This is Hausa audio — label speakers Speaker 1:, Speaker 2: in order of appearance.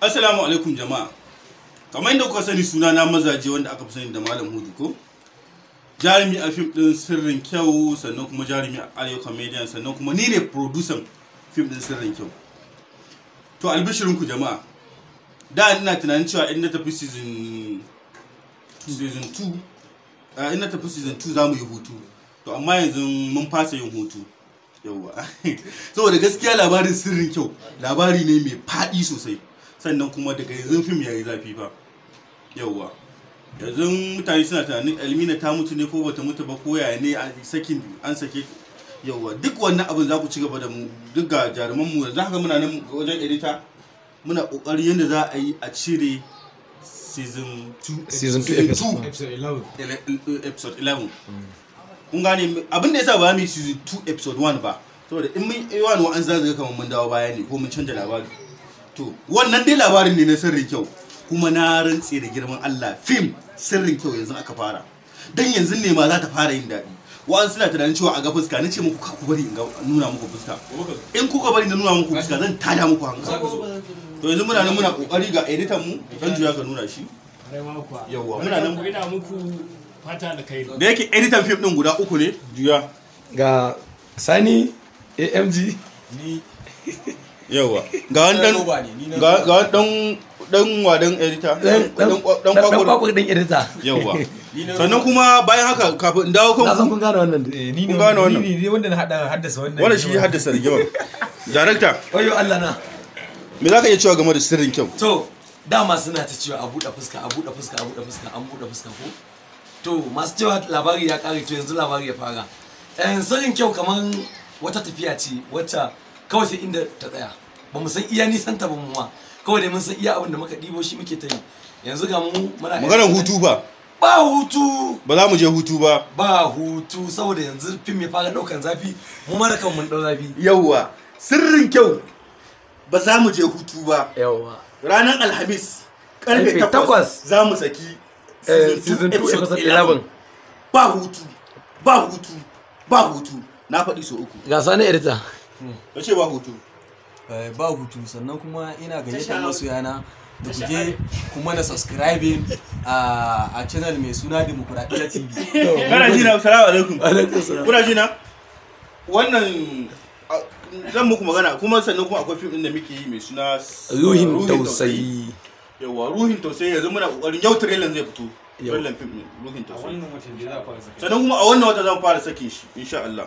Speaker 1: Assalamu alaikum jama'a. Kamar yadda kuka sani suna na mazaje wanda aka fi sani da Malam Hudu ko? Jarumi a fim ɗin Sirrin Kyau sannan kuma jarumi a Arewa Comedian sannan kuma ni ne producer fim ɗin Sirrin Kyau. To albishirin ku jama'a. Da ina tunanin cewa in na tafi season 2 season 2 eh, in na tafi season 2 za mu yi hutu. To amma yanzu mun fasa yin hutu. Yawwa. Saboda gaskiya labarin sirrin kyau labari ne mai faɗi sosai. sannan kuma daga yanzu fim ya yi zafi ba yauwa yanzu mutane suna tunanin elmina ta mutu ne ko bata mutu ba ko yaya ne a sakin an sake yauwa duk wannan abin za ku ci gaba da mu duk ga jaruman mu za ka muna nan wajen edita muna kokarin yadda za a yi a cire season 2 season 2 episode 11 episode 11 kun gane abin da yasa ba mu season 2 episode 1 ba saboda in mun yi wani wa'an zaga kamar mun dawo baya ne ko mun canja labari to wannan dai labarin ne na sirrin kyau kuma na rantse da girman Allah fim sirrin kyau yanzu aka fara dan yanzu ne ma za ta fara yin daɗi wa'an suna tunanin cewa a ga fuska na ce muku ku bari in nuna muku fuska in kuka bari na nuna muku fuska zan tada muku hankali to yanzu muna nan muna kokari ga editan mu dan juya ka nuna shi yawwa muna nan ina muku fata da kai da yake editan fim din guda uku ne juya ga sani amg ni yauwa ga wani dan ga dan wadan edita dan dan kwakwar dan edita yauwa sannan kuma bayan haka kafin in dawo kan kun eh, gane wannan ni ne gane wannan ni wanda na hada haddasa wannan wannan shi haddasa rigimar director wayo Allah na me zaka iya cewa game da sirrin kyau to dama suna ta cewa a buɗe fuska a buɗe fuska a buɗe fuska an buɗe fuska ko to masu cewa labari ya kare to yanzu labari ya fara eh, sirrin kyau kamar wata tafiya ce wacce kawai sai inda ta tsaya ba mu san iya nisan ta ba mu ma kawai dai mun san iya abin da muka dibo shi muke ta yi yanzu ga mu muna maganar hutu ba ba hutu ba za mu je hutu ba ba hutu saboda yanzu fim ya fara daukan zafi mu mara kan mun dau zafi yawwa sirrin kyau ba za mu je hutu ba yawwa ranar alhamis karfe 8 za mu saki eh, season 2 episode 11 ba hutu ba hutu ba hutu na faɗi so uku ga ne editor ya ce ba hutu eh, ba hutu sannan kuma ina ta masu yana da kuje kuma da subscribing a channel mai suna demokuraɗiyya tv kuna ji na salamu alaikum kuna ji na wannan zan muku magana kuma sannan kuma akwai fim din da muke yi mai suna ruhin tausayi yawa ruhin tausayi yanzu muna kokarin yau trailer zai fito trailer fim ruhin tausayi sannan kuma a wannan wata zan fara sakin shi insha Allah